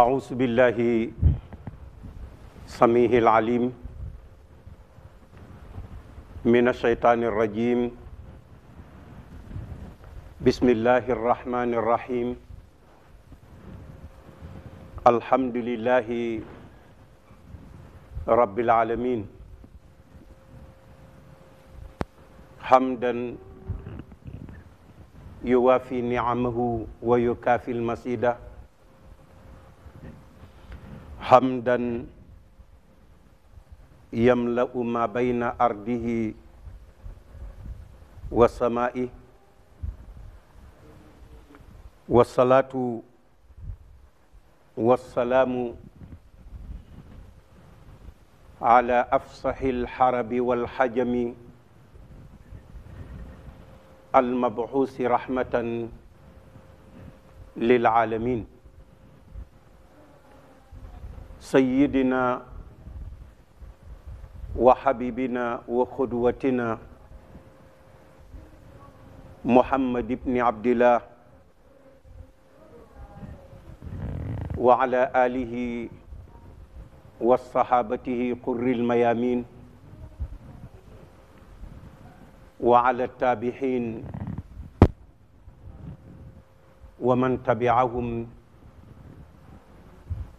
أعوذ بالله سميع العليم من الشيطان الرجيم بسم الله الرحمن الرحيم الحمد لله رب العالمين حمدا يوافي نعمه ويكافي المسيده حمدا يملا ما بين ارضه وسمائه والصلاه والسلام على افصح الحرب والحجم المبعوث رحمه للعالمين سيدنا وحبيبنا وقدوتنا محمد بن عبد الله وعلى آله وصحابته قر الميامين وعلى التابعين ومن تبعهم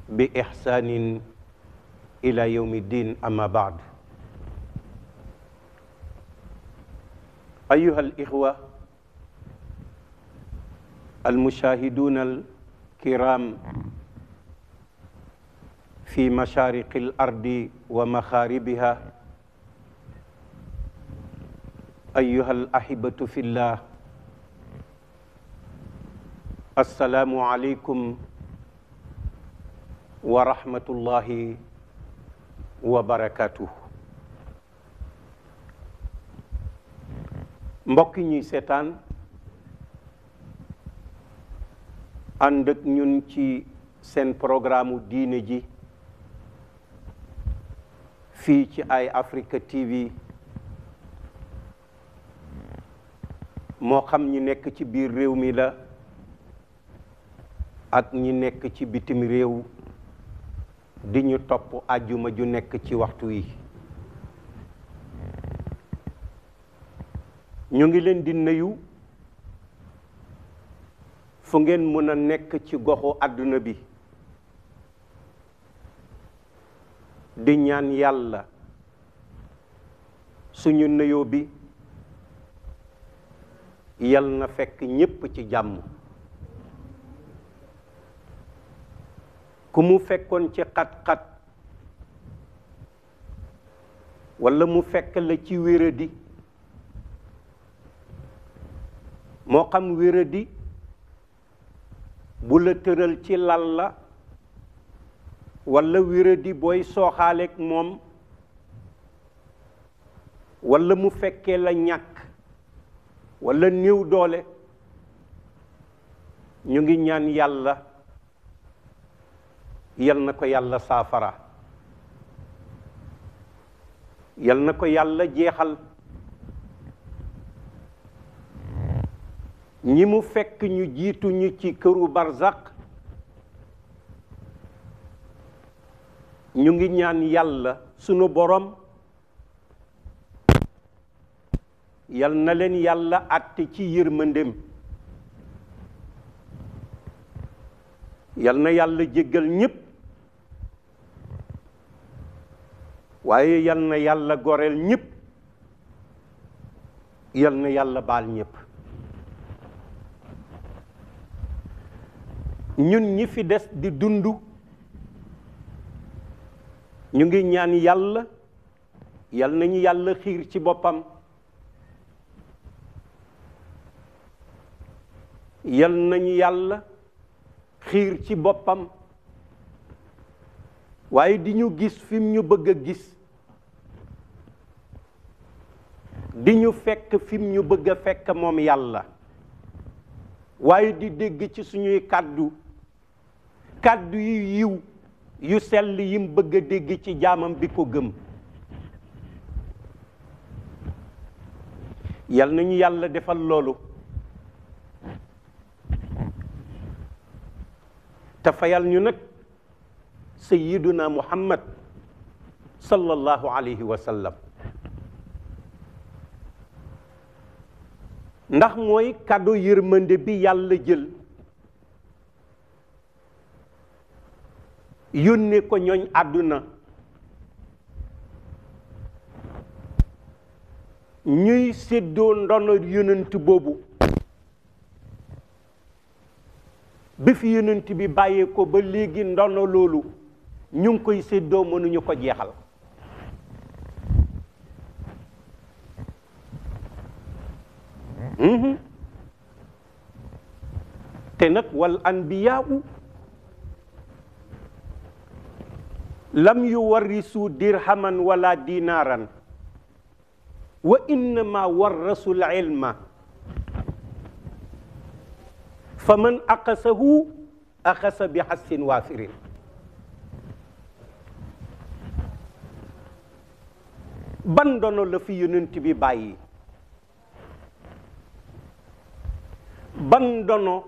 بإحسان إلى يوم الدين أما بعد أيها الإخوة المشاهدون الكرام في مشارق الأرض ومخاربها أيها الأحبة في الله السلام عليكم wa rahmatullahi wa mbokk ñuy seetaan ànd ak ñun ci seen programme diine ji fii ci ay Africa TV moo xam ñi nekk ci biir réew mi la ak ñi nekk ci bitim réew di ñu topp àjjuma ju nekk ci waxtu wi ñu ngi leen di nuyu fu ngeen mën a nekk ci goxu àdduna bi di ñaan yàlla suñu nuyoo bi yal na fekk ñépp ci jàmm ku mu fekkoon ci xat-xat walla mu fekk la ci wéradi moo xam wéradi bu la tëral ci lal la walla wéradi booy sooxaaleeg moom walla mu fekkee la ñàkk walla néew doole ñu ngi ñaan yàlla yal na ko yàlla saafara yal na ko yàlla jeexal ñi mu fekk ñu jiitu ñu ci këru barsak ñu ngi ñaan yàlla sunu borom yal na leen yàlla àtte ci yërmandem yal na yàlla jéggal ñépp waaye yal na yàlla goreel ñëpp yal na yàlla baal ñëpp ñun ñi fi des di dund ñu ngi ñaan yàlla yal nañu yàlla xiir ci boppam yal nañu yàlla xiir ci boppam waaye di ñu gis fi ñu bëgg a gis di ñu fekk fi ñu bëgg a fekk moom yàlla waaye di dégg ci suñuy kàddu kàddu yu yiw yu sell yim bëgg a dégg ci jaamam bi ko gëm yal nañu yàlla defal loolu te fayal ñu nag sayyiduna muhammad sallallahu alayhi wa sallam ndax mooy kàddu yërmande bi yàlla jël yónne ko ñooñ àdduna ñuy séddoo ndono yonent boobu bi fi yonent bi bàyyee ko ba léegi ndono loolu ñu ngi koy séddoo mënuñu ko jeexal te nag wal anbiyaau lam yuwarrisu dirhaman wala dinaran wa innama warrasu lilma faman aqasahu aqasa bi hassin ban ndono la fi yonent bi bàyyi ban ndono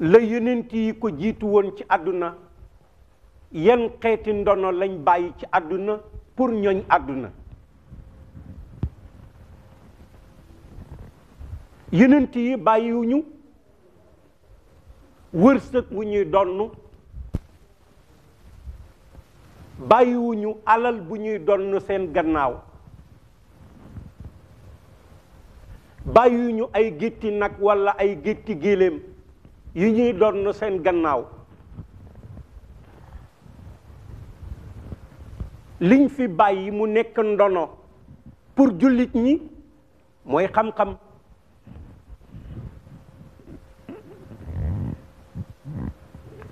la yonent yi ko jiitu woon ci àdduna yan xeeti ndono lañ bàyyi ci àdduna pour ñooñ àdduna yonent yi bàyyiwuñu wërsëg wu ñuy donn bàyyiwuñu alal bu ñuy donn seen gannaaw bàyyiwuñu ay gétti nag walla ay gétti géléem yu ñuy donn seen gannaaw liñ fi bàyyi mu nekk ndono pour jullit ñi mooy xam-xam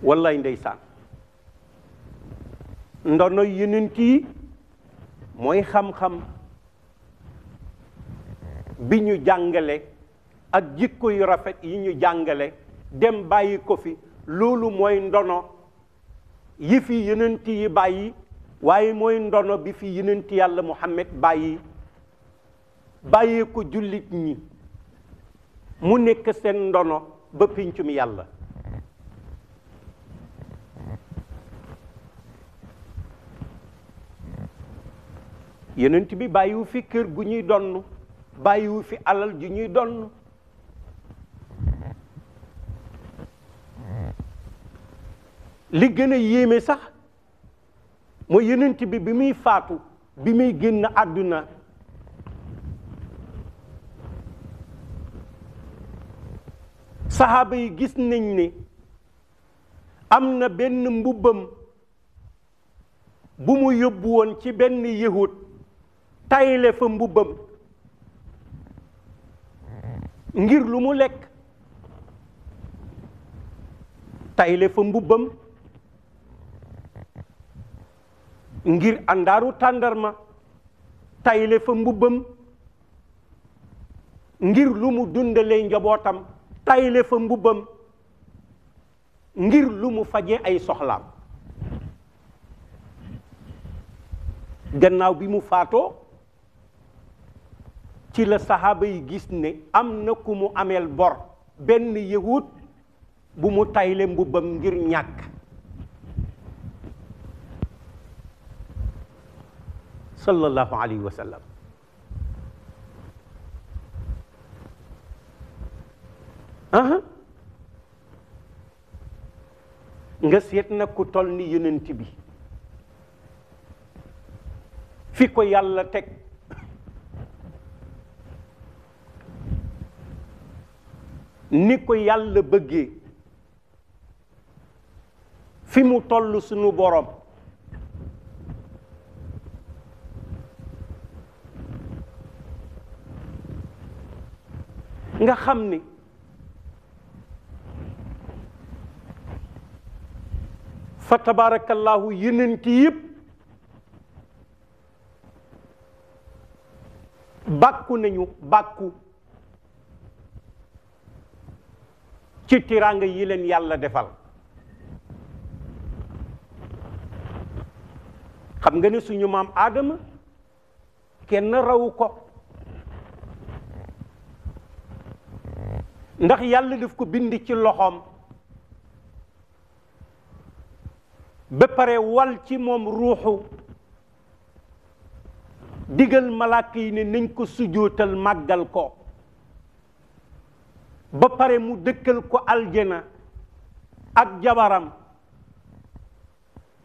wallaay ndeysaan ndono yonent yi mooy xam-xam bi ñu jàngale ak jikko yu rafet yi ñu jàngale dem bàyyi ko fi loolu mooy ndono yi fi yonent yi bàyyi waaye mooy ndono bi fi yonent yàlla Muhammad bàyyi bàyyi ko jullit ñi mu nekk seen ndono ba pincum yàlla yonent bi bàyyiwu fi kër gu ñuy donn bàyyiwu fi alal ju ñuy donn li gën a yéeme sax mooy yonent bi bi muy faatu bi muy génn àdduna saxaaba yi gis nañ ne am na benn mbubbam bu mu yóbbu woon ci benn yahut tayle fa mbubbam ngir lu mu lekk tayle fa mbubbam ngir àndaaru tàndarma tayle fa mbubbam ngir lu mu dundalee njabootam tayle fa mbubbam ngir lu mu faje ay soxlaam gannaaw bi mu faatoo ci la saxaaba yi gis ne am na ku mu ameel bor benn yëwut bu mu tayle mbubbam ngir ñàkk sallallahu alayhi wa sallam ku toll ni yonent bi fi ko yàlla teg ni ko yàlla bëggee fi mu toll sunu borom nga xam ni fa tabarakallahu yeneen ki yëpp bàkku nañu bàkku ci tiranga yi leen yàlla defal xam nga ne suñu maam aadama kenn rawu ko ndax yàlla daf ko bind ci loxoom ba pare wal ci moom ruuxu digal malaaka yi ne nañ ko sujootal màggal ko ba pare mu dëkkal ko aljana ak jabaram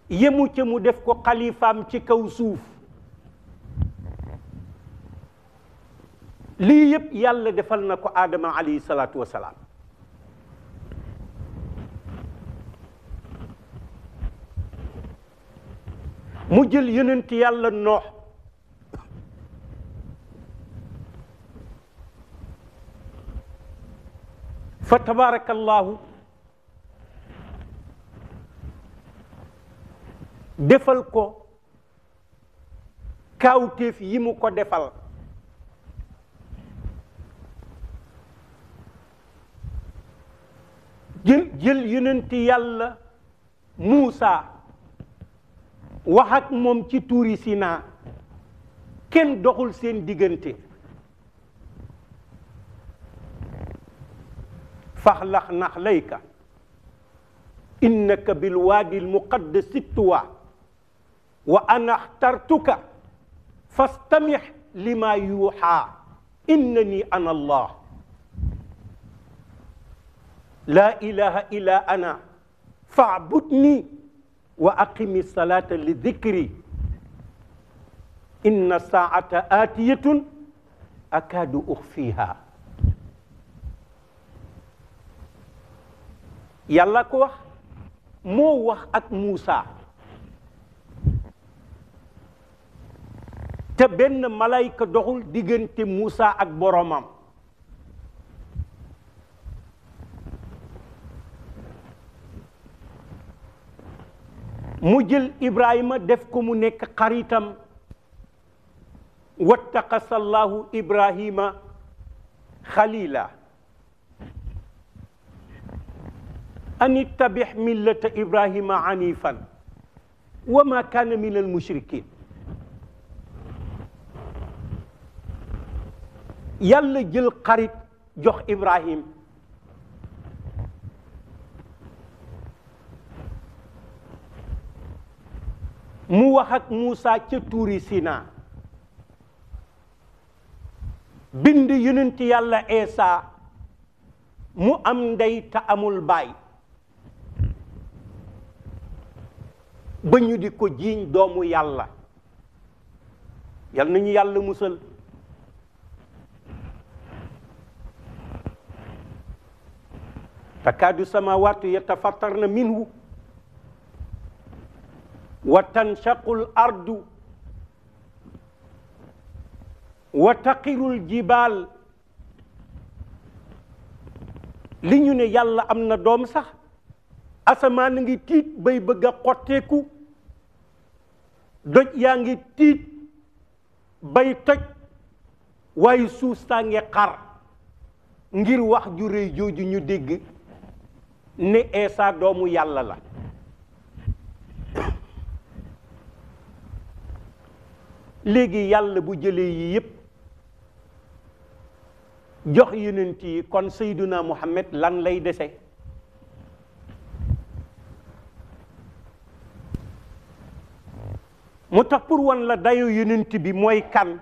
yemu ci mu def ko xalifaam ci kaw suuf li yeb yàlla defal nako adama ali salatu salaatu wasalaam mu jël yonent yàlla noox fa tabaarakallaahu defal ko kaawteef yi mu ko defal jël jël yonenti yàlla Muusa wax moom ci tuuri Sinaa kenn doxul seen diggante فاخلق نخليك إنك بالوادي المقدس التوى وأنا اخترتك فاستمع لما يوحى إنني أنا الله لا إله إلا أنا فاعبدني وأقم الصلاة لذكري إن الساعة آتية أكاد أخفيها yàlla ko wax moo wax ak Muusa te benn malayka doxul diggante Muusa ak boromam mu jël Ibrahima def ko mu nekk xaritam wattaxasa Allahu Ibrahima xalila أن اتبع ملة إبراهيم عنيفا وما كان من المشركين yàlla jël xarit jox Ibrahim mu wax ak Moussa ca tuuri Sina bind yonent yàlla Eesa mu am ndey te amul baay ba di ko jiiñ doomu yàlla yal nañu yàlla musal takaadu samawaatu yatafattarna minhu wa tanshaqu l ardu wa taqiru l jibaal li ñu ne yàlla am na doom sax asamaan a ngi tiit bay bëgg a doj yaa ngi tiit bay toj waaye suuf saa ngi xar ngir wax ju rëy ñu dégg ne Eesa doomu yàlla la léegi yàlla bu jëlee yi yépp jox yonent yi kon Seyduna Muhammad lan lay dese mu tax pour wan la dayoo yonent bi mooy kan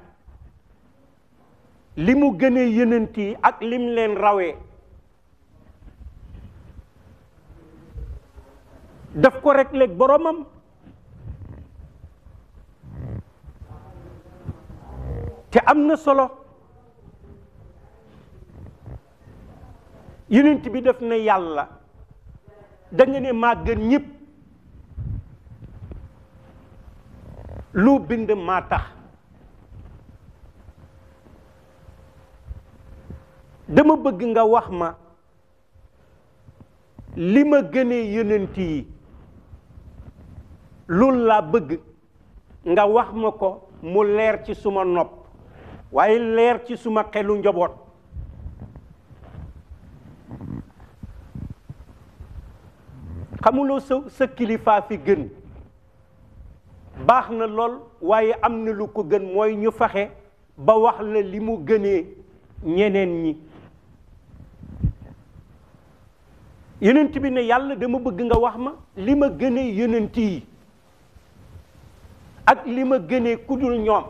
li mu gënee yonent yi ak lim leen rawee daf ko rek léeg boromam te am na solo yonent bi def na yàlla da ne maa gën ñëpp lu bind maa tax dama bëgg nga wax ma li ma gënee yonent yi loolu laa bëgg nga wax ma ko mu leer ci suma nopp waaye leer ci suma xelu njaboot xamuloo sa sa kilifaa fi gën baax na lool waaye am na lu ko gën mooy ñu faxe ba wax la li mu gënee ñeneen ñi yonent bi ne yàlla dama bëgg nga wax ma li ma gënee yonent yi ak li ma gënee ku dul ñoom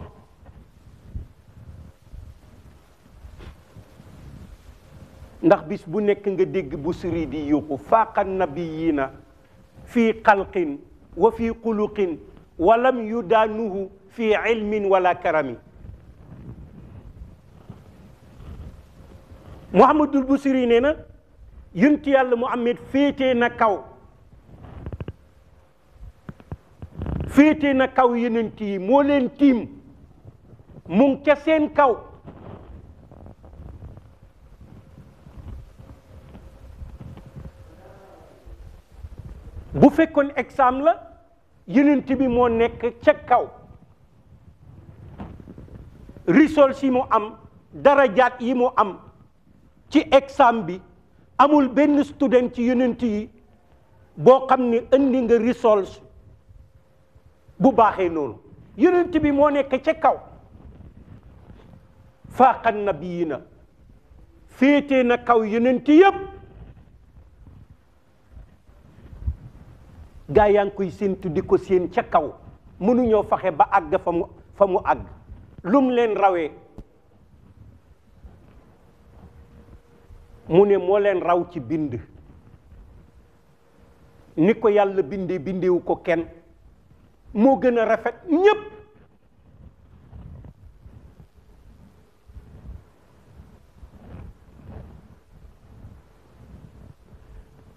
ndax bis bu nekk nga dégg bu suri di yuuxu faaqa na fii xalqin wa fii xuluqin ولم يدانه في علم ولا كرم محمد البصري نينا ينت يال محمد فيتي نا كاو فيتي نا كاو يننتي مولين تيم مون كاسين كاو بو فيكون اكزام لا yonent bi moo nekk ca kaw risol si mu am darajaat yi mu am ci exam bi amul benn student ci yonent yi boo xam ne indi nga risol bu baaxee noonu yonent bi moo nekk ca kaw faaqa nabiyina féetee na kaw yonent yëpp gaa yaa ngi koy séentu di ko séen ca kaw mënuñoo faxe ba àgg fa mu fa mu àgg lum leen rawee mu ne moo leen raw ci bind ni ko yàlla binde bindewu ko kenn moo gën a rafet ñépp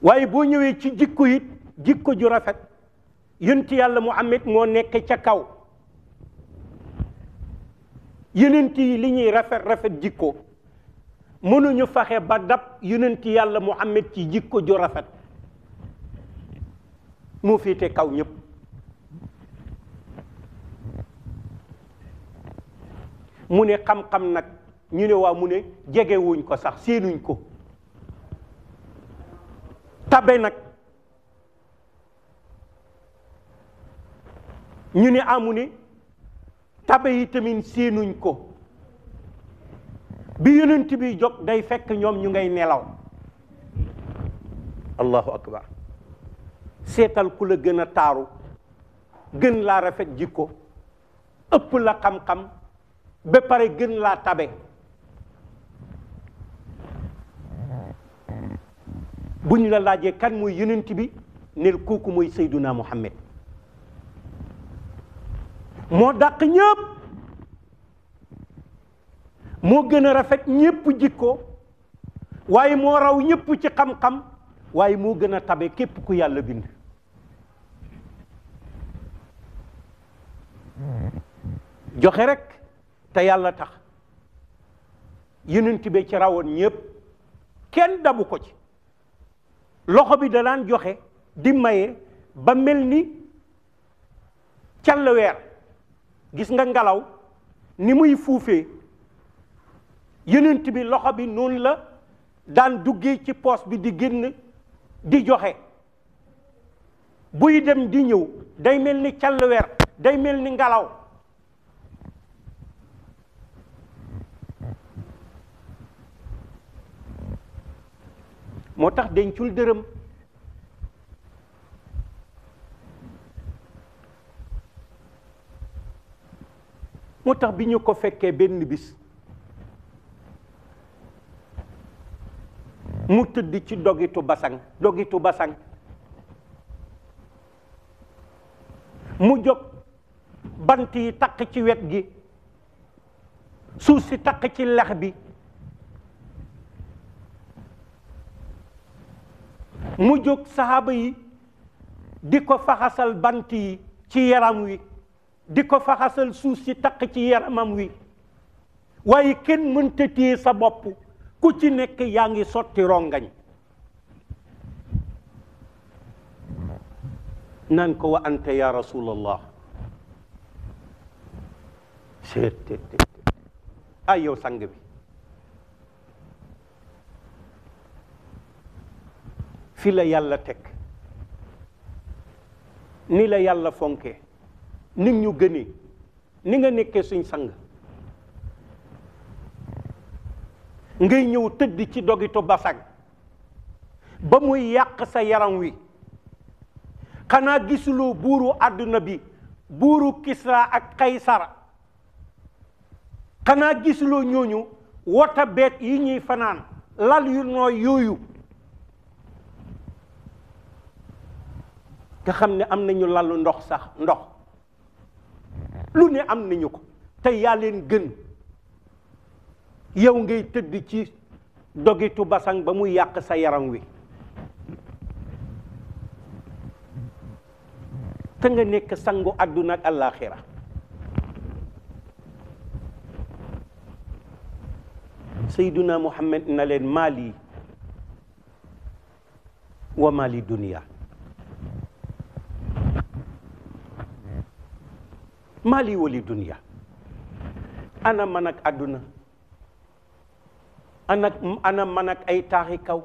waaye boo ñëwee ci jikko it jikko ju rafet yonent yàlla Muhammad moo nekk ca kaw yonent yi li ñuy rafet rafet jikko mënuñu faxe ba dab yonent yàlla Muhammad ci jikko ju rafet mu féete kaw ñëpp mu ne xam-xam nag ñu ne waa mu ne jegewuñ ko sax séenuñ ko tabe nag ñu ni amu tabe yi tamit séenuñ ko bi yonent bi jóg day fekk ñoom ñu ngay nelaw allahu akbar seetal ku la gën a taaru gën laa rafet jikko ëpp la xam-xam ba pare gën laa tabe bu ñu la laajee kan mooy yonent bi nel kooku mooy sayduna muhammad moo dàq ñëpp moo gën a rafet ñëpp jikko waaye moo raw ñëpp ci xam-xam waaye moo gën a tabe képp ku yàlla bind joxe rekk te yàlla tax yonent tibe ci rawoon ñëpp kenn dabu ko ci loxo bi da daan joxe di maye ba mel ni càll gis nga ngelaw ni muy fuufee yenent bi loxo bi noonu la daan duggee ci poos bi di génn di joxe buy dem di ñëw day mel ni càllweer day mel ni ngelaw moo tax dencul dërëm moo tax bi ñu ko fekkee benn bis mu tëdd ci dogitu basang dogitu basang mu jóg bant yi takk ci wet gi suuf si takk ci lex bi mu jóg saxaaba yi di ko faxasal bant yi ci yaram wi di ko faxasal suuf si takk ci yaramam wi waaye kenn mënta téye sa bopp ku ci nekk yaa ngi sotti rongañ nan ko wa anta ya rasulallah ay yow sang bi fi la yàlla teg ni la yàlla fonkee nit ñu gënee ni nga nekkee suñ sang ngay ñëw tëdd ci dogitu basag ba muy yàq sa yaram wi xanaa gisuloo buuru àdduna bi buuru Kisra ak Kaysar xanaa gisuloo ñooñu wota beet yi ñuy fanaan lal yu nooy yooyu nga xam ne am nañu lal ndox sax ndox lu ne am nañu ko te yaa leen gën yow ngay tëdd ci dogitu basang ba muy yàq sa yaram wi te nga nekk sangu àdduna ak àllaaxira sayduna muhammad na leen maali wa maali dunia maali wali dunia ana man ak àdduna ana ana man ak ay taaxi kaw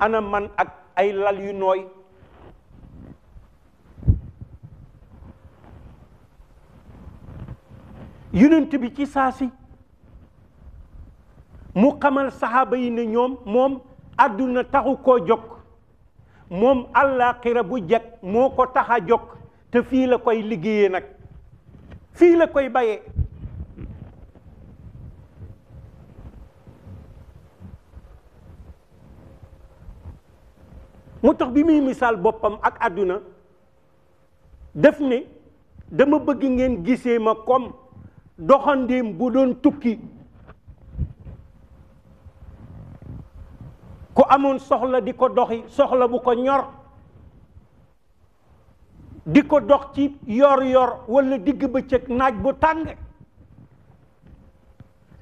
ana man ak ay lal yu nooy yonent bi ci saasi mu xamal saxaaba yi ne ñoom moom àdduna taxu koo jog moom àllaaxira bu jeg moo ko tax a jog te fii la koy liggéeyee nag fii la koy bayee mu tax bi muy misaal boppam ak àdduna def ne dama bëgg ngeen gise ma comme doxandéem bu doon tukki ku amoon soxla di ko doxi soxla bu ko ñor di ko dox ci yor-yor wala digg bëccëg naaj bu tàng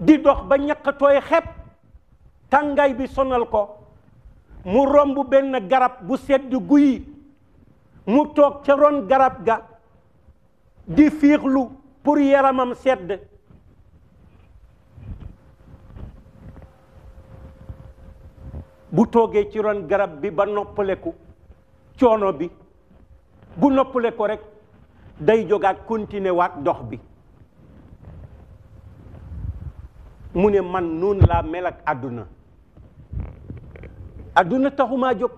di dox ba ñaqatooy xepp tàngaay bi sonal ko mu romb benn garab bu sedd guyi mu toog ca ron garab ga di fiixlu pour yaramam sedd bu toogee ci ron garab bi ba noppaleku coono bi bu noppale ko rek day jógaat continuer waat dox bi mu ne man noonu laa mel ak àdduna àdduna taxuma jóg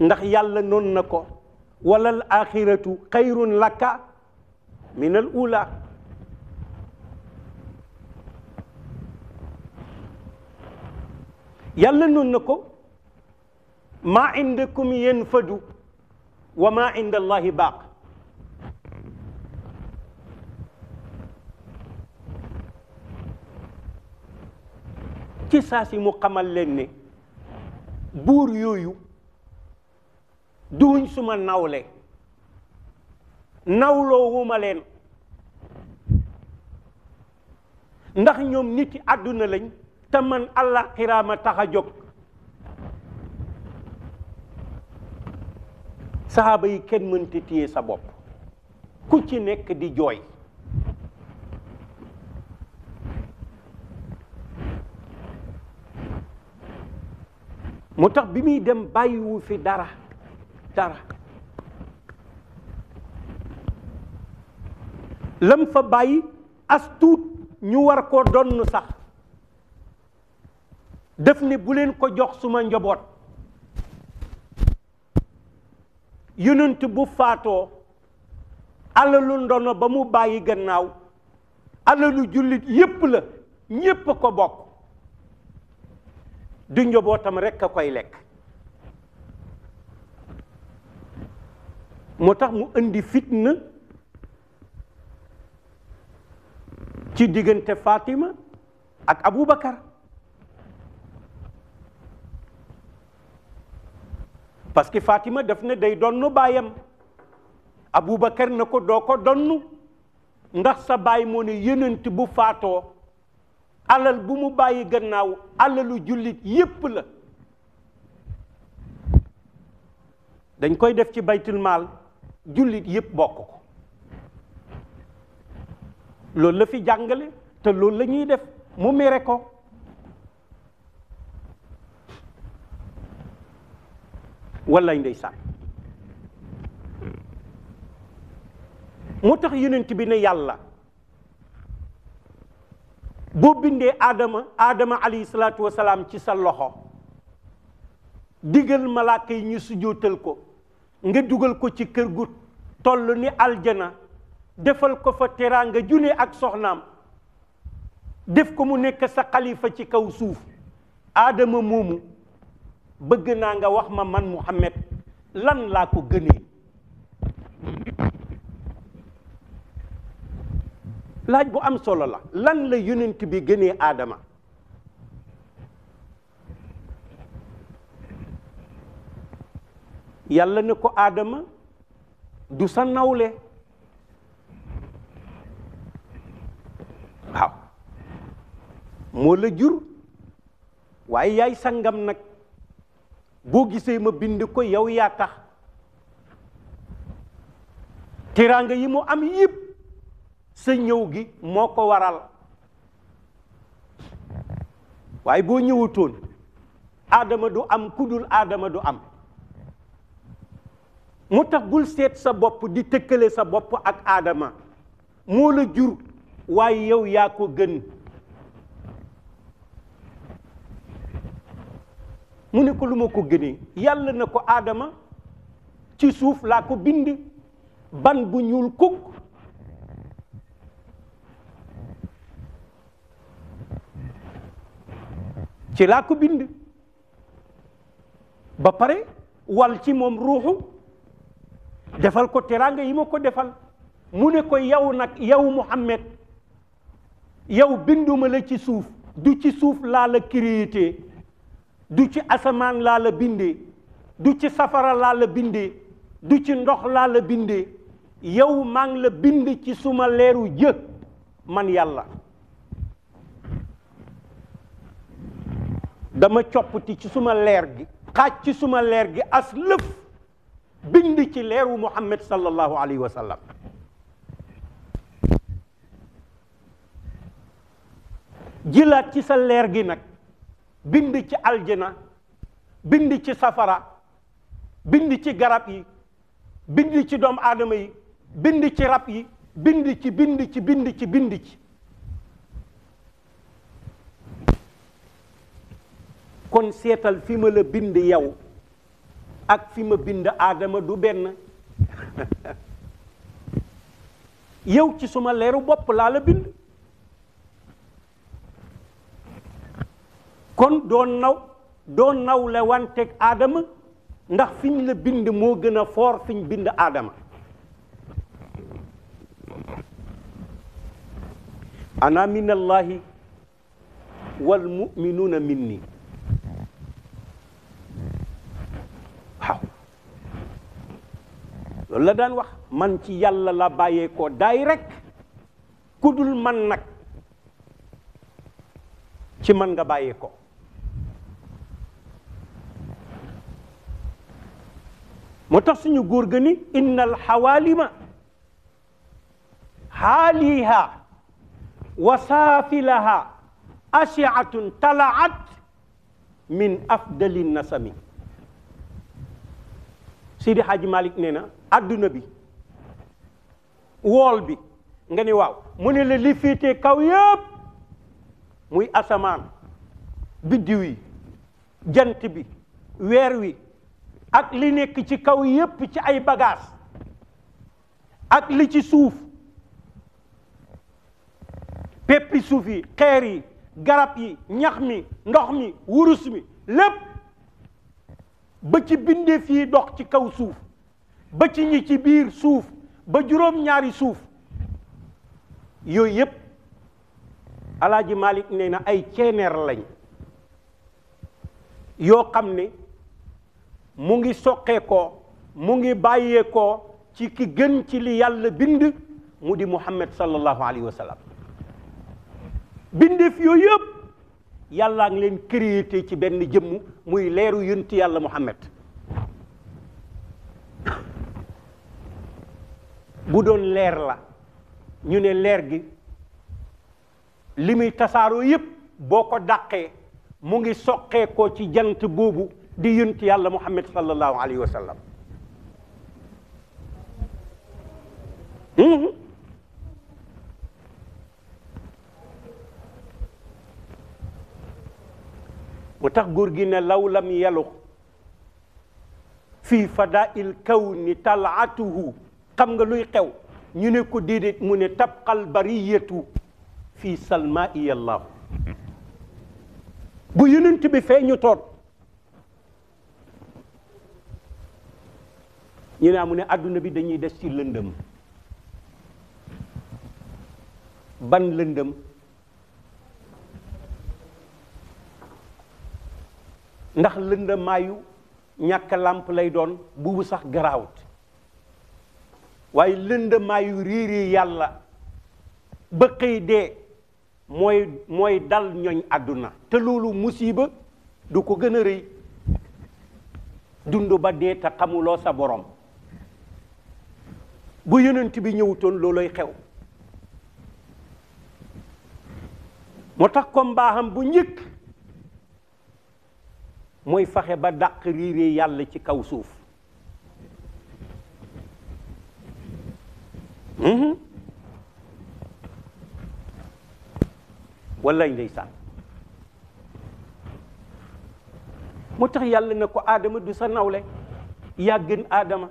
ndax yàlla noon na ko walal axiratu xayrun laka min al ula yàlla noon na ko maa indakum yanfadu wa maa inda allahi baax ci saa si mu xamal leen ne buur yooyu duuñ suma nawle nawloo wuma leen ndax ñoom nit ci àdduna lañ te man àllaaxira ma tax a jóg saxaaba yi kenn mënta téye sa bopp ku ci nekk di jooy mu tax bi muy dem bàyyiwu fi dara dara lam fa bàyyi as ñu war koo donn sax def ne bu leen ko jox suma njoboot yonent bu faatoo alalu ndono ba mu bàyyi gannaaw alalu jullit yépp la ñépp a ko bokk du njobootam rekk a koy lekk moo tax mu indi fitna ci diggante Fatima ak Aboubacar parce que Fatima daf na day donnu baayam Aboubacar na ko doo ko donnu ndax sa baay moo ne yënant bu faatoo alal bu mu bàyyi gannaaw alalu jullit yépp la dañ koy def ci baytul maal jullit yépp bokk ko loolu la fi jàngale te loolu la ñuy def mu mere ko wallaay ndeysaan moo tax yonent bi ne yàlla boo bindee aadama aadama alayhi salaatu wasalaam ci sa loxo digal malaaka yi ñu sujootal ko nga dugal ko ci kër gu toll ni aljana defal ko fa teraanga junne ak soxnaam def ko mu nekk sa xalifa ci kaw suuf aadama moomu bëgg naa nga wax ma man Mouhamed lan laa ko gënee laaj bu am solo la lan la yonent bi gënee aadama yàlla ne ko aadama du sa nawle waaw moo la jur waaye yaay sangam nag boo gisee ma bind ko yow yaa tax tiraanga yi mu am yëpp sa ñëw gi moo ko waral waaye boo ñëwutoon aadama du am ku dul aadama du am mu tax gul seet sa bopp di tëkkale sa bopp ak aadama moo la jur waaye yow yaa ko gën mu ne ko lu ma ko gënee yàlla na ko aadama ci suuf laa ko bind ban bu ñuul kukk ci laa ko bind ba pare wal ci moom ruuxu defal ko teraanga yi ma ko defal mu ne ko yow nag yow Muhammad yow binduma la ci suuf du ci suuf laa la créé du ci asamaan laa la bindee du ci safara laa la bindee du ci ndox laa la bindee yow maa la bind ci suma leeru jë man yàlla dama coppati ci suma leer gi xaaj ci suma leer gi as lëf bind ci leeru muhammad sallallahu alayhi wa sallam jëlaat ci sa leer gi nag bind ci aljina bind ci safara bind ci garab yi bind ci doomu aadama yi bind ci rab yi bind ci bind ci bind ci bind ci kon seetal fi ma la bind yow ak fi ma bind aadama du benn yow ci suma leeru bopp laa la bind kon doo naw doo naw le wanteeg aadama ndax fiñ la bind moo gën a foor fiñ bind aadama ana min allahi wal muminuuna min ni waaw loolu la daan wax man ci yàlla la bàyyee ko rekk rek man nag ci man nga bàyyeekoo motax suñu góor gëni innal hawalima haliha wasafilaha ashiatun talaat min afdali nasami Sidi haji malik neena aduna bi wol bi nga ni waw mu ne la li féete kaw yeb muy asaman bidiwi jant bi wer wi ak li nekk ci kaw yépp ci ay bagages ak li ci suuf péppi suuf yi xeer yi garab yi ñax mi ndox mi wurus mi lépp ba ci bindeef yi dox ci kaw suuf ba ci ñi ci biir suuf ba juróom-ñaari suuf yooyu yépp alaaji Malik nee na ay ceeneer lañ yoo xam ne mu ngi soqee ko mu ngi bàyyee ko ci ki gën ci li yàlla bind mu di muhammad sallallahu alayhi wa sallam bindeef yooyu yëpp yàllaa leen créé ci benn jëmm muy leeru yunti yàlla muhammad bu doon leer la ñu ne leer gi li muy tasaaroo yëpp boo ko dàqee mu ngi soqee ko ci jant boobu di yunt yàlla muhammad sallallahu alayhi wa sallam mu tax góor gi ne law lam yalu fi fadail kawni tal'atuhu xam nga luy xew ñu ne ko déedéet mu ne tabqal bariyatu fi salma'i allah bu yonent bi feñu tort ñu ne mu àdduna bi dañuy des ci lëndëm ban lëndëm ndax lëndëmaayu ñàkk làmp lay doon buubu sax garaawut waaye lëndëmaayu réeree yàlla ba dee mooy mooy dal ñoñ àdduna te loolu musiba du ko gën a rëy dund ba dee te xamuloo sa borom bu yonent bi ñëwutoon loolooy xew moo tax ko mbaaxam bu njëkk mooy faxe ba dàq riiree yàlla ci kaw suuf mhm. wallaay ndeysaan moo tax yàlla ne ko aadama du sa nawle yaa gën aadama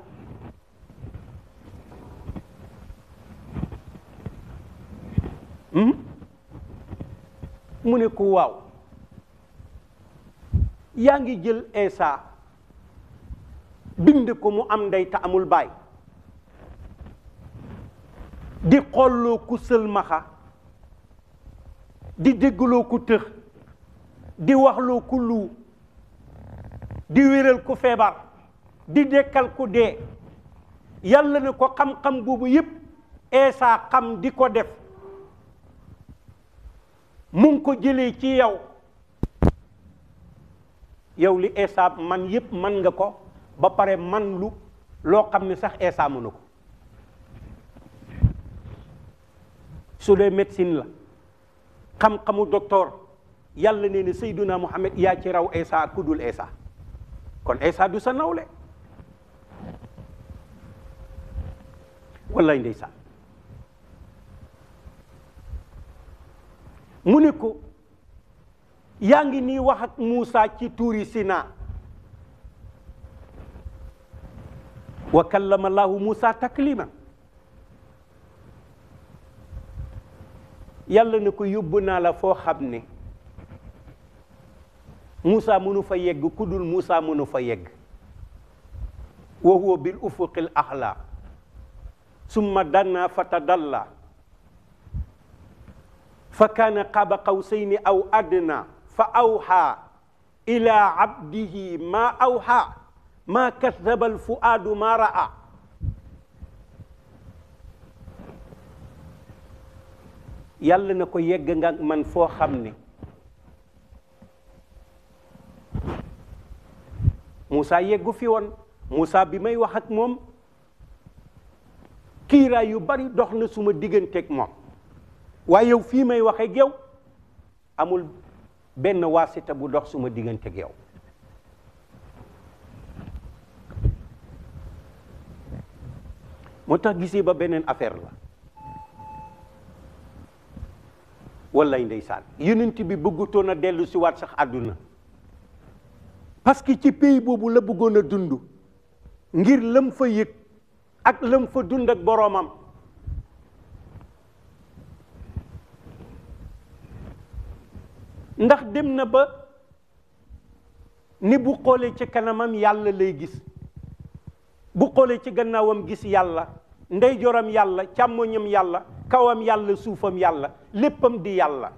Hmm? mu ne ko waaw yaa ngi jël Isa bind ko mu am ndey te amul baay di xolloo ku sëlmaxa di déggloo ku tëx di waxloo ku luu di wéral ku feebar di dekkal ku dee yàlla ne ko xam-xam boobu yépp Isa xam di ko def mu ko jëlee ci yow yow li Isa man yépp man nga ko ba pare man lu loo xam ne sax Isa mënu ko su dee médecine la xam-xamu docteur yàlla nee ne Seyduna Muhammad yaa ci raw Isa ku dul Isa kon Isa du sa nawle wallaay ndeysaan mu ne ko yaa ngi nii wax ak Moussa ci tuuri Sina wa kallama laahu Moussa taklima yàlla ne ko yóbbu naa la foo xam ne Moussa mënu fa yegg ku dul Moussa mënu fa yegg wa huwa bil ufuqil axla summa danna fatadalla فكان قاب قوسين أو أدنى فأوحى إلى عبده ما أوحى ما كذب الفؤاد ما رأى يلا نكو يجنغ من فو خمني موسى يجو في ون موسى بما يوحك موم كيرا يبري دخل سوما ديغن تك موم waaye yow fii may waxe yow amul benn waasita bu dox suma diggante ak yow moo tax gisee ba beneen affaire la wallaay ndeysaan yonent bi bëggutoon a dellu si waat sax àdduna parce que ci pays boobu la bëggoon a dund ngir lëm fa yëg ak lam fa dund ak boroomam ndax dem na ba ni bu xoolee ci kanamam yàlla lay gis bu xoolee ci gannaawam gis yàlla ndeyjooram yàlla càmmoñam yàlla kawam yàlla suufam yàlla léppam di yàlla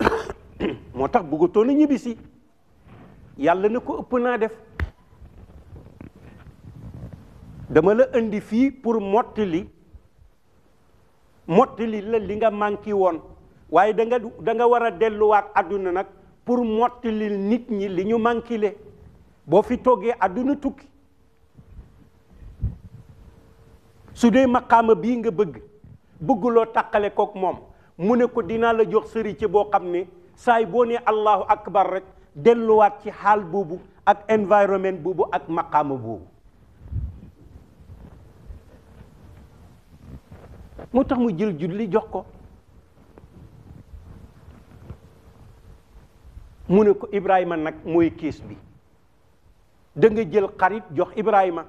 moo tax bëggatoon a ñibbisi yàlla na ko ëpp naa def dama la indi fii pour mottali mottali la li nga manqué woon waaye da nga war a delluwaat adduna nag pour mottilil nit ñi li ñu mankile boo fi toogee adduna tukki su dee maqaama bii nga bëgg bëgguloo tàqale kook moom mu ne ko dinaa la jox sëri ci boo xam ne saay boo ne allahu akbar rek delluwaat ci xaal boobu ak environnement boobu ak maqaama boobu moo tax mu jël julli jox ko mu ne ko Ibrahima nag mooy kees bi da nga jël xarit jox Ibrahima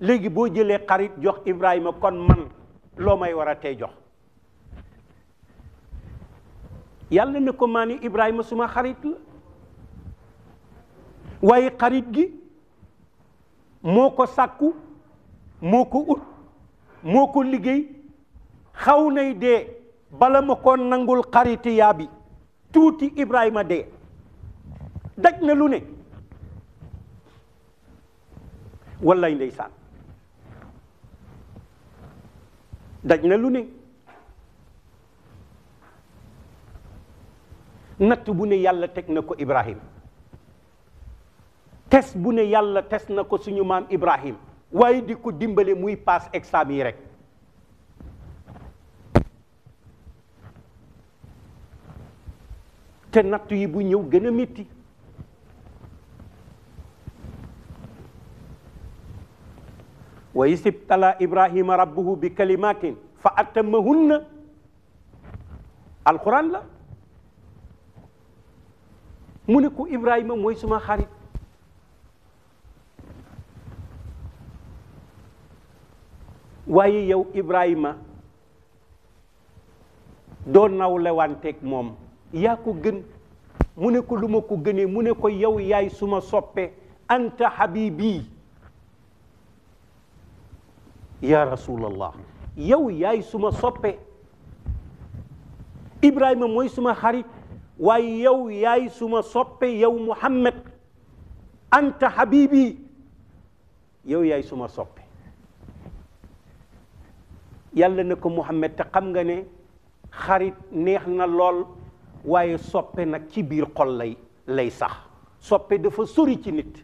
léegi boo jëlee xarit jox Ibrahima kon man loo may war a tey jox yàlla ne ko maa ni suma xarit la waaye xarit gi moo ko sakku moo ko ut moo ko liggéey xaw nay dee bala ma ko nangul xaritiyaa bi tuuti Ibrahima dee daj na lu ne wallay ndeysaan daj na lu ne natt bu ne yàlla teg na ko Ibrahim tes bu ne yàlla tes na ko suñu maam Ibrahim waaye di ko dimbale muy paas examen yi rek te natt yi bu ñëw gën a métti وإذ ابتلى إبراهيم ربه بكلمات فأتمهن alquran la mu ne ko Ibrahima mooy suma xarit waaye yow Ibrahima doo nawlewanteeg moom yaa ko gën mu ne ko lu ma ko gënee mu ne ko yow yaay suma soppe anta habibi يا رسول الله يو ياي سما صبي إبراهيم موي سما خري واي يو ياي سما صبي يو محمد أنت حبيبي يو ياي سما صبي يالا نكو محمد تقام غني خريت نيخنا لول واي صبي نا كبير قول صبي دفو سوري نيت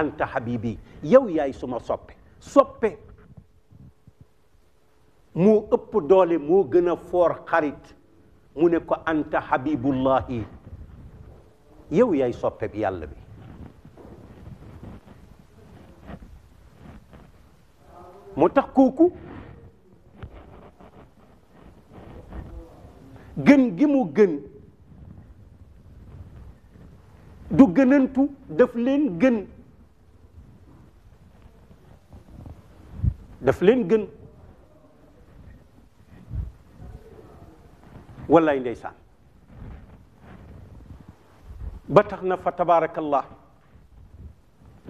أنت حبيبي يو ياي سما صبي soppe mu ëpp doole moo gën a foor xarit mu ne ko anta habibullahi yow yay soppe bi yàlla bi mu tax kooku gën gi mu gën du gënantu daf leen gën daf leen gën wallaay ndeysaan ba tax na fa tabaarakallah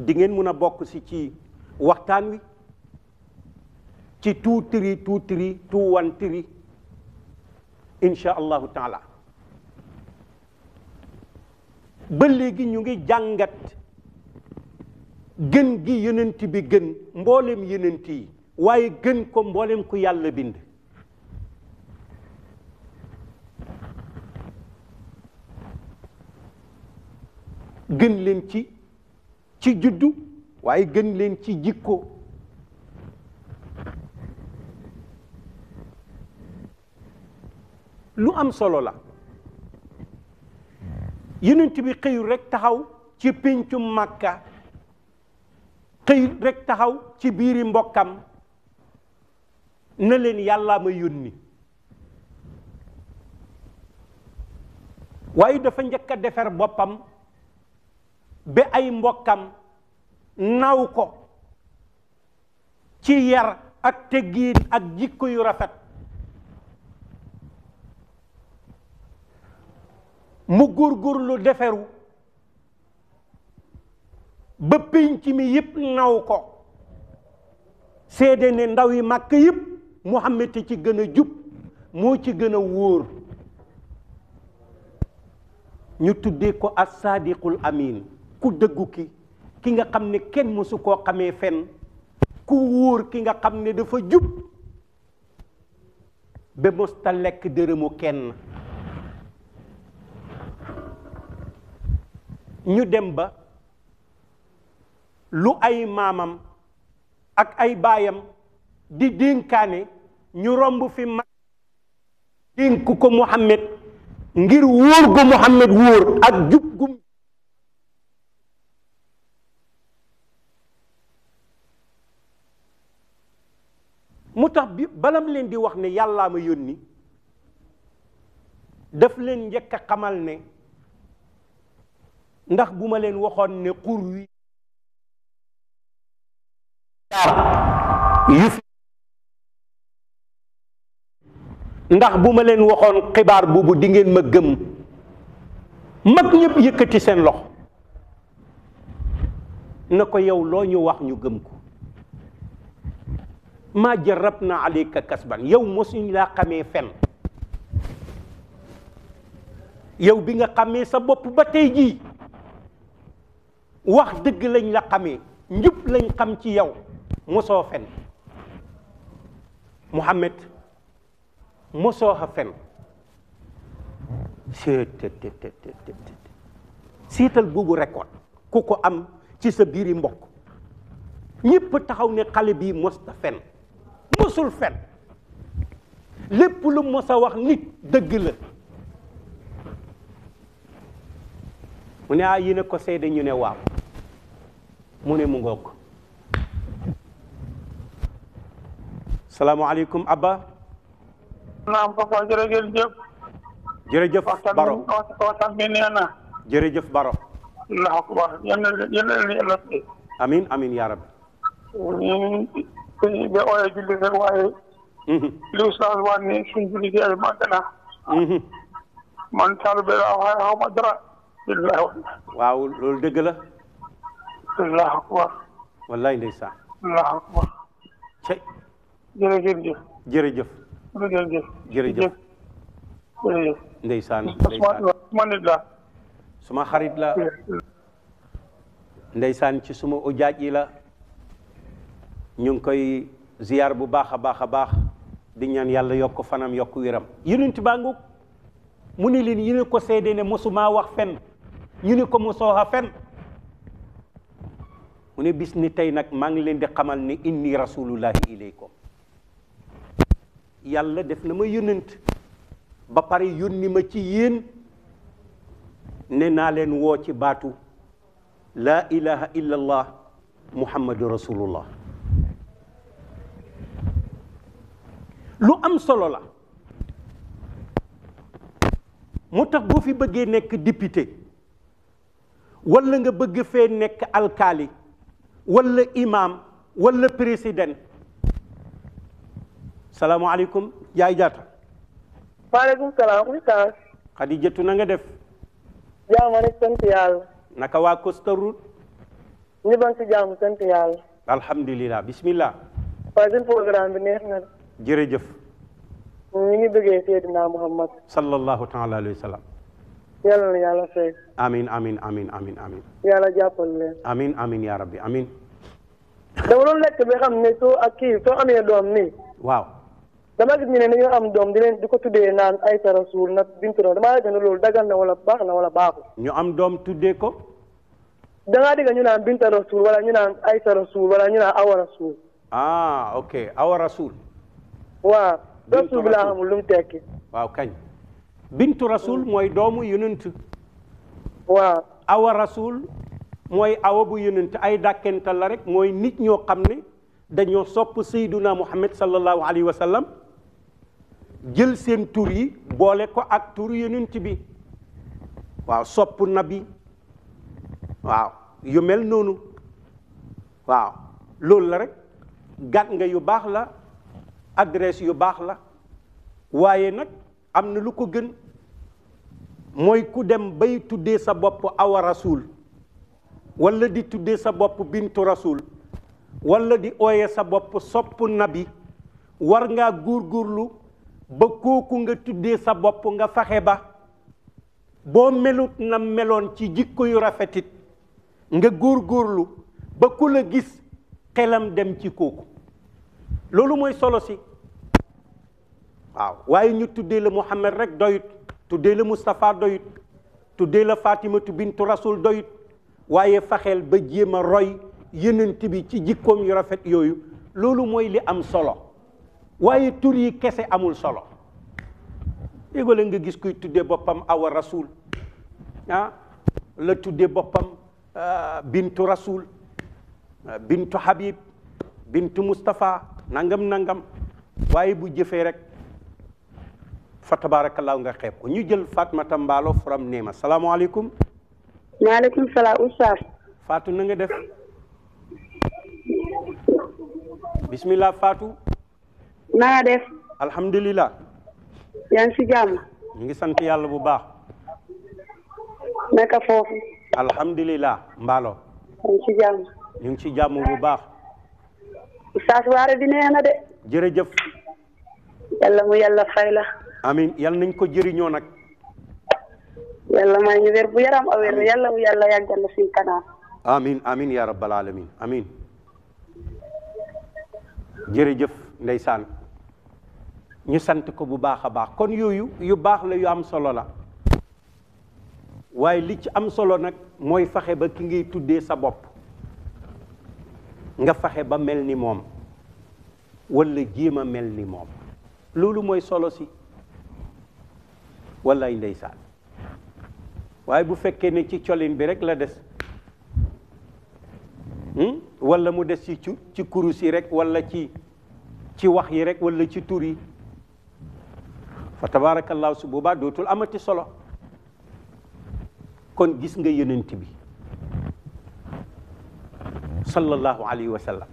di ngeen mun a bokk si ci waxtaan wi ci tuutiri tuutiri tuwantiri insha allahu taala ba léegi ñu ngi jàngat gën gi yenent bi gën mboolem yenent waaye gën ko mboolem ko yàlla bind gën leen ci ci juddu waaye gën leen ci jikko lu am solo la yonent bi xëyul rek taxaw ci péncu Makka xëyul rek taxaw ci biiri mbokkam na leen yàllaa ma yónni waaye dafa njëkk a defar boppam bi ay mbokkam naw ko ci yar ak teggiin ak jikko yu rafet mu góorgóorlu deferu ba pénc mi yëpp naw ko seede ne ndaw yi màkk yëpp mu Muhammad ci gën a jub moo ci gën a wóor ñu tuddee ko as-sadiqul amin ku dëggu ki ki nga xam ne kenn mësu koo xamee fenn ku wóor ki nga xam ni dafa jub ba mos ta lekk dërëmu kenn ñu dem ba lu ay maamam ak ay baayam di dénkaane ñu romb fi ma dénk ko Muhammad ngir wóor gu Muhammad wóor ak jub gum mu tax bi balam leen di wax ne yàllaa ma yónni daf leen njëkk a xamal ne ndax bu ma leen waxoon ne xur wi yu ndax bu ma leen waxoon xibaar boobu di ngeen ma gëm mag ñëpp yëkkati seen loxo na ko yow loo ñu wax ñu gëm ko maa rab na aleyka kasban yow mosuñ laa xamee fen yow bi nga xamee sa bopp ba tey jii wax dëgg lañ la xamee njub lañ xam ci yow mosoo fen Muhammad mosoo xa fen siital boobu record ku ko am ci sa biiri mbokk ñëpp taxaw ne xale bii mos ta fen mosul fen lépp lu mos a wax nit dëgg la mu ne ah yéen a ko seede ñu ne waaw mu ne mu ngoog salaamaaleykum Abba naam papa jërëjëf. jërëjëf Baro waxtaan bi nee Baro. amin amin yaa waaye. Mhm. li ustaas waa ni suñ julli gi ay màgg na. Mhm. man taalibe laa waaye xaw ma dara. billahi waaw loolu akbar. wallaay ndeysaan. allahu akbar. jërëjëf. jërëjëf. jërëjëf jërëjëf jërëjëf. ndeysaan ndeysaan suma nit la. suma xarit la. ci suma ujaaj la. ñu ngi koy ziyaar bu baax a baax a baax di ñaan yàlla yokk fanam yokk wiram yonent baa ngug mu ni leen yéen ko seede ne mosumaa wax fen ñu ni ko mosoo a fen mu ne bis ni tey nag maa ngi leen di xamal ni inni rasulullahi ilaykum yàlla def na ma yónnent ba pare yónni ma ci yéen ne naa leen woo ci baatu laa ilaha illa allah muhammadu rasulullah lu am solo la mu tax boo fi bëggee nekk député walla nga bëgg fee nekk alkaali walla imam walla président salaamaaleykum yaay jaata. maaleykum salaam wa rahmatulah. Xadijatu na nga def. jaamu rek sant yàlla. naka waa Costa Route. ñu ban si sant yàlla. alhamdulilah bismillah. waa bi neex na. jërëjëf. ñu ngi bëggee Seydina Muhammad. sallallahu taala alayhi wa sallam. yàlla na yàlla fay. leen. amiin amiin yaa rabbi amiin. dama lekk bi ne soo ak kii soo amee doom nii. damaa gis ñu ne dañoo am doom di leen di ko tuddee naan Aïcha Rasoul nag bintu Rasoul damaa gis loolu dagal na wala baax na wala baaxul. ñu am doom tuddee ko. da ngaa dégg ñu naan bintu Rasoul wala ñu naan Aïcha Rasoul wala ñu naan Awa Rasoul. ah ok Awa Rasoul. waaw Rasoul bi laa lu mu tekki. waaw kañ. bintu Rasoul mooy doomu yonent. waaw Awa Rasoul mooy awa bu yonent ay dàkkental la rek mooy nit ñoo xam ne dañoo sopp Seyduna Muhammad sallallahu alayhi wa sallam. jël seen tur yi boole ko ak tuur tur yonent bi waaw sopp nabi waaw yu mel noonu waaw loolu la rek gàtt nga yu baax la adresse yu baax la waaye nag am na lu ko gën mooy ku dem bay tuddee sa bopp awa rasul wala di tuddee sa bopp bintu rasul wala di ooye sa bopp sopp nabi war ngaa góorgóorlu ba kooku nga tuddee sa bopp nga faxe ba boo melut na meloon ci jikko yu rafetit nga góorgóorlu ba ku la gis xelam dem ci kooku loolu mooy solo si waaw waaye ñu tuddee la Muhammad rek doyut tuddee la Moustapha doyut tuddee la Fatimatu bintu Rasul doyut waaye faxeel ba jéem a roy yenent bi ci jikkoom yu rafet yooyu loolu mooy li am solo waaye tur yi kese amul solo égale nga gis kuy tuddee boppam awa rasul ah, la tuddee boppam ah, bintu rasul ah, bintu habib bintu Mustapha nangam nangam waaye bu jëfee rek fa tabaarakallaahu nga xeeb ko ñu jël Fatmata Mbaalo furam Neema salaamaaleykum. maaleykum salaam oustaz. Fatou na nga def. bismillah Fatou. na def. alhamdulilah. yaa ngi si jàmm. ngi sant yàlla bu baax. naka foofu. alhamdulilah Mballo. ngi si jàmm. ngi si jàmm bu baax. Oustaz Waare bi nee de. jërëjëf. yàlla mu yàlla fay la. amiin yàlla nañ ko jëriñoo nag. yàlla may ñu wér bu yaram a wér yàlla mu yàlla yàggal na suñu kanam. amiin amiin rabbal alamin amiin. jërëjëf ndeysaan ñu sant ko bu baax a baax kon yooyu yu baax la yu am solo la waaye li ci am solo nag mooy faxe ba ki ngay tuddee sa bopp nga faxe ba mel ni moom wala jéem a mel ni moom loolu mooy solo si walla ay ndeysaan waaye bu fekkee ne ci colin bi rek la des hmm? wala mu des ci ci kurus yi rek walla ci ci wax yi rek walla ci tur yi fa tabaarakallaahu su boobaa dootul amati solo kon gis nga yonent bi sallallahu alayhi wa sallam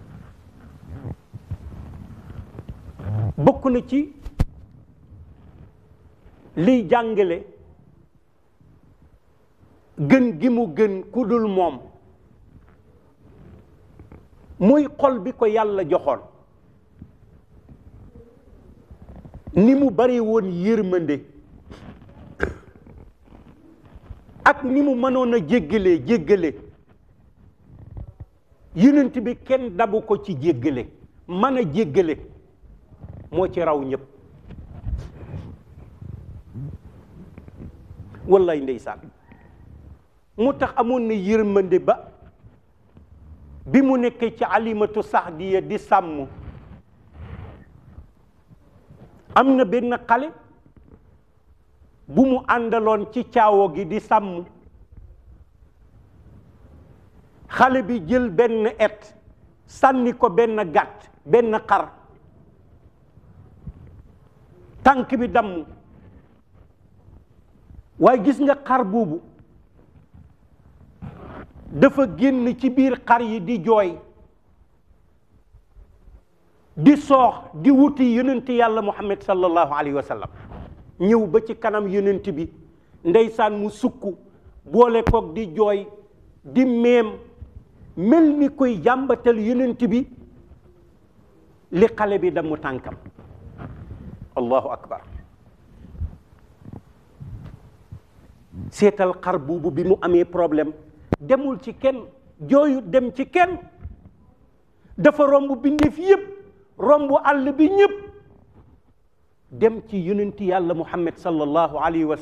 bokk na ci li jàngale gën gi mu gën ku dul moom muy xol bi ko yàlla joxoon ni mu bare woon yërmande ak ni mu mënoon a jéggalee jéggale yonent bi kenn dabu ko ci jéggale man a jéggale moo ci raw ñépp wallaay ndeysaan mu tax amoon na yërmande ba bi mu nekkee ci alimatu sax di ya am na benn xale bu mu àndaloon ci caawo gi di sàmm xale bi jël benn et sànni ko benn gàtt benn xar tànk bi damm waaye gis nga xar boobu dafa génn ci biir xar yi di jooy di soox di wuti yonenti yàlla muhammad sallallahu alayhi wa sallam ñëw ba ci kanam yonent bi ndeysaan mu sukk boole koog di jooy di meem mel ni koy jàmbatal yonent bi li xale bi damu tànkam allahu akbar seetal xar buubu bi mu amee problème demul ci kenn jooyu dem ci kenn dafa romb bindéef yépp romb àll bi ñëpp dem ci yonenti yàlla muhammad sallallahu alayhi wa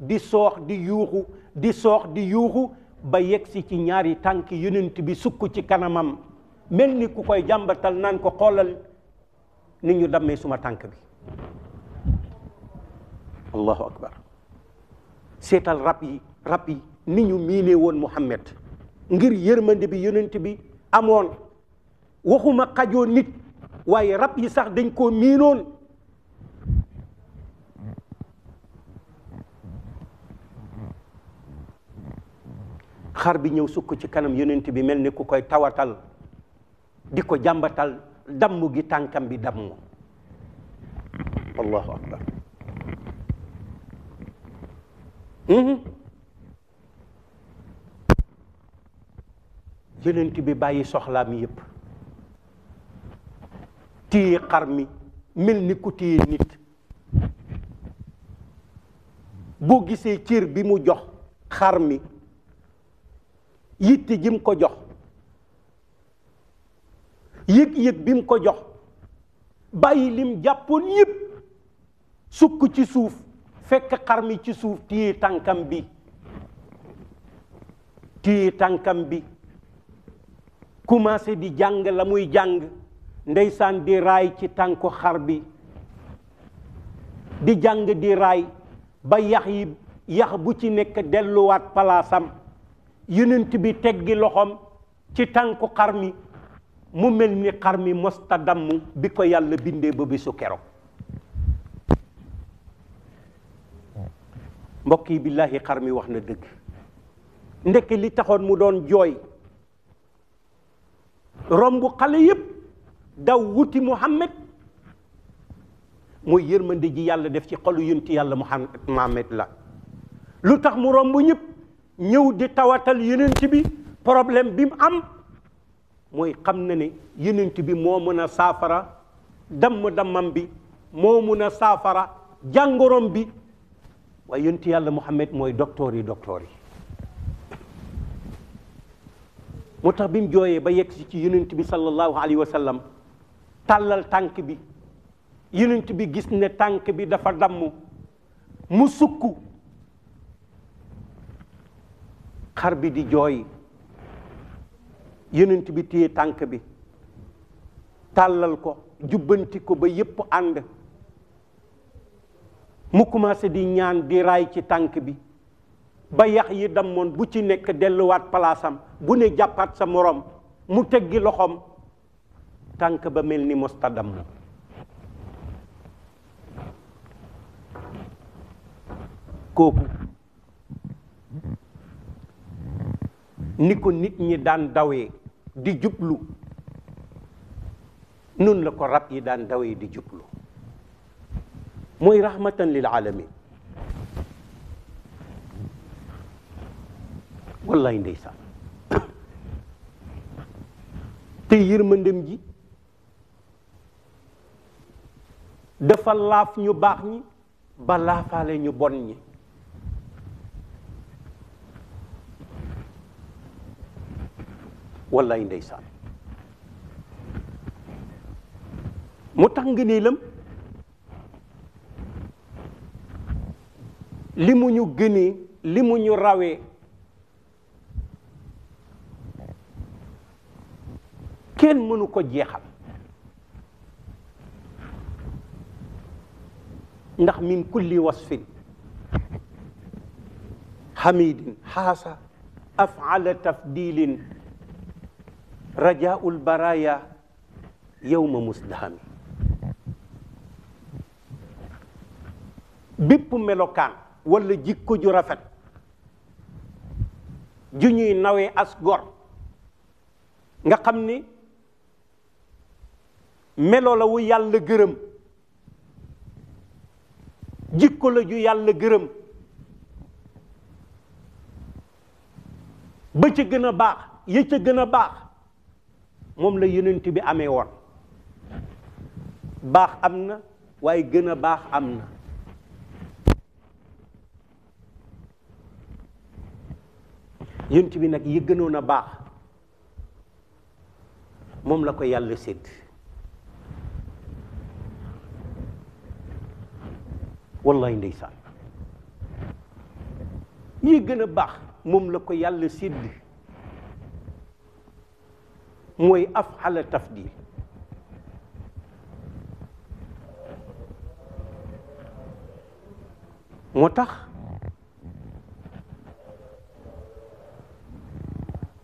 di soox di yuuxu di soox di yuuxu ba yegsi ci ñaari tànk yonent bi sukk ci kanamam mel ni ku koy jàmbatal naan ko xoolal ni ñu dammee suma tànk bi allahu akbar seetal rab yi rab yi ni ñu miine woon muhammad ngir yërmande bi yonent bi amoon waxuma xajoo nit waaye rab yi sax dañ koo miinoon xar bi ñëw sukk ci kanam yonent bi mel ni ku koy tawatal di ko jàmbatal damm gi tànkam bi damm allahu akbar mhm. yonent bi bàyyi soxlaam yépp téye xar mi mel ni ku téye nit boo gisee cër bi mu jox xar mi yitte jim ko jox yëg-yëg bi mu ko jox bàyyi lim jàppoon yëpp sukk ci suuf fekk xar mi ci suuf téye tànkam bi téye tànkam bi commencé di jàng la muy jàng ndeysaan di raay ci tànku xar bi di jàng di raay ba yax yi yax bu ci nekk delluwaat palaasam yonent bi teggi loxoom ci tànku xar mi mu mel ni xar mi mosta damm bi ko yàlla bindee ba bisu keroog mbokki yi billaahi xar mi wax na dëgg ndekk li taxoon mu doon jooy romb xale yépp dawuti muhammad moy yërmande ji yàlla def ci xolu yunti yàlla muhammad la lutax mu romb ñep ñëw di tawatal yonent bi problème bi mu am moy xam na ne yonent bi mo meuna safara dam damam bi mo meuna safara jangorom bi waaye yunti yàlla muhammad moy docteur yi docteur yi motax bim joye ba yek ci yonent bi sallallahu alayhi wa sallam tàllal tànk bi yonent bi gis ne tànk bi dafa damm mu sukk xar bi di jooy yonent bi téye tànk bi tàllal ko jubbanti ko ba yépp ànd mu commencé di ñaan di raay ci tànk bi ba yax yi damoon bu ci nekk delluwaat palaasam bu ne jàppaat sa moroom mu teggi loxoom tànk ba mel ni mustadam kooku ni ko nit ñi daan dawee di jublu nun la ko rab yi daan dawee di jublu mooy rahmatan lil alamin wallaay ndeysaan te yërmandem ji dafa laaf ñu baax ñi ba laafaale ñu bon ñi wallaay ndeysaan mu tax nga nii lam li mu ñu gënee li mu ñu rawee kenn mënu ko jeexal ndax min kulli wasfin hamidin حاس afala tafdilin rajaul baraya يوم مزدهم بيب ملوكان wala jikko ju rafet ju ñuy nawee as gor nga xam ni melo la wu yàlla gërëm jikko la ju yàlla gërëm ba ca gën a baax ya ca gën a baax moom la yonent bi amee woon baax am na waaye gën a baax am na yonent bi nag yi gënoon a baax moom la ko yàlla sédd والله ندسان يجنا بخ مملكة يال سيد موي أفعل تفديل متخ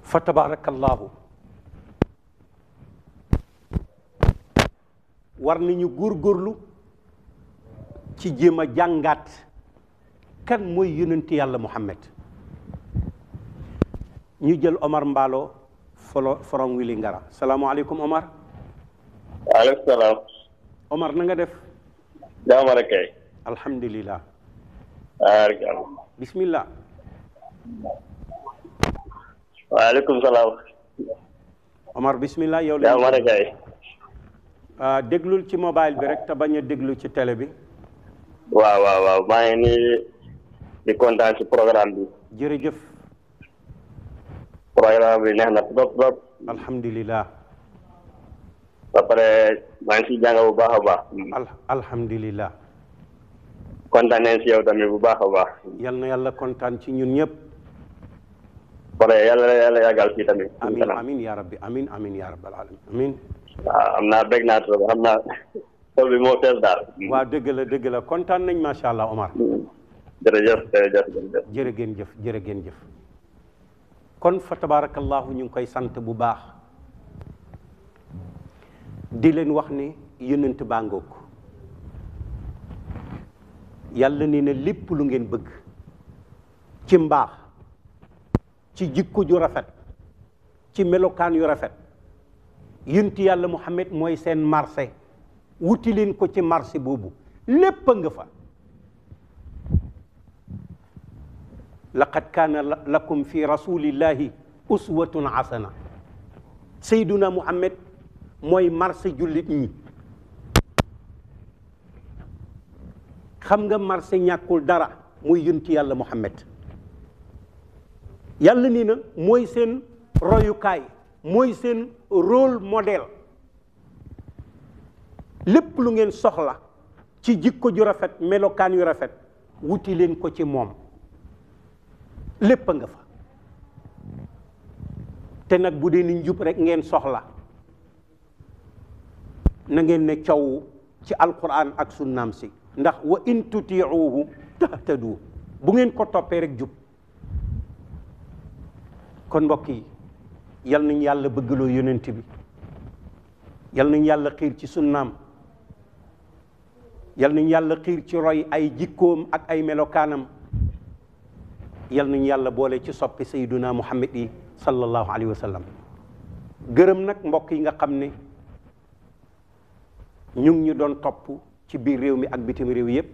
فتبارك الله وارني نيو غور غورلو ci jema jangat kan moy yonent yalla Muhammad ñu jël Omar mbalo folo forom wili ngara assalamu alaykum Omar. alaykum salaam. Omar na nga def. jaama rek ay alhamdullilah waaleykum. bismillah. wa alaykum salaam. Omar bismillah yow la. jaama rek ay ah, deglul ci mobile bi rek ta baña a ci tele bi waaw waaw waaw maa ngi nii di kontaan si programme bi. jërëjëf. programme bi neex na trop trop. alhamdulilah. ba pare maa ngi siy jàng bu baax a baax. alhamdulilah. kontaan nañ si yow tamit bu baax a baax. yal na yàlla kontaan ci ñun ñëpp. pare yàlla yàlla yàggal fii tamit. amiin amiin yaa rabbi amiin amiin yaa rabbal alamin amiin. waaw am naa naa trop am naa tool bi moo fees daal. Mm. waaw dëgg la dëgg la kontaan nañ macha allah Omar. Mm. jërëjëf jërëjëf jërëjëf. jërë ngeen jëf jërë ngeen jëf. kon fa tabarakallahu ñu ngi koy sant bu baax. di leen wax ne yonent baa ngoog yàlla ni ne lépp lu ngeen bëgg ci mbaax ci jikko ju rafet ci melokaan yu rafet yonent yàlla Muhammad mooy seen marché. wuti leen ko ci marché boobu lépp a nga fa laqad kaana lakum fi rasulillahi uswatun hasana sayduna muhammad mooy marché jullit ñi xam nga marché ñàkkul dara muy yunti yàlla muhammad yàlla nii mooy seen royukaay mooy seen rôle modèle lépp lu ngeen soxla ci jikko ju rafet melokaan yu rafet wuti leen ko ci moom lépp nga fa te nag bu dee ni jub rekk ngeen soxla na ngeen ne coow ci alquran ak sunnaam si ndax wa in tutiuhu tahtadu bu ngeen ko toppee rek jub kon mbokk yi yal nañ yàlla bëggaloo yonent bi yal nañ yàlla xiir ci sunnaam yal nañu yàlla xiir ci roy ay jikkoom ak ay melokaanam yal nañu yàlla boole ci soppi sayyiduna muhammad yi sallallahu alayhi wa sallam gërëm nag mbokk yi nga xam ni ñu ngi ñu doon topp ci biir réew mi ak bitim réew yépp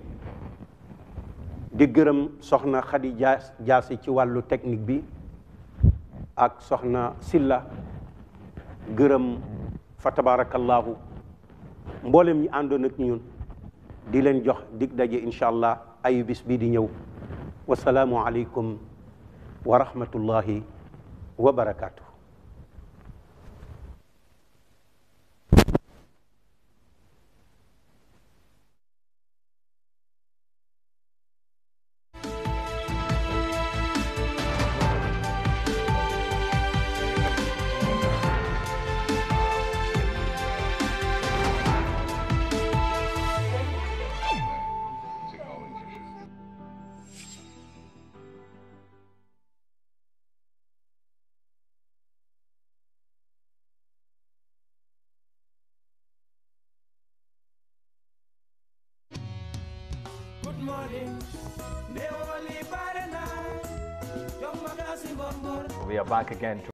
di gërëm soxna Khady Diassé ci wàllu technique bi ak soxna Silla gërëm fa tabarakallahu mboolem ñi àndoon ak ñun di leen jox dig daje incha allah ayu bis bii di ñëw wasalaamu alaykum wa rahmatullahi wa barakatuh again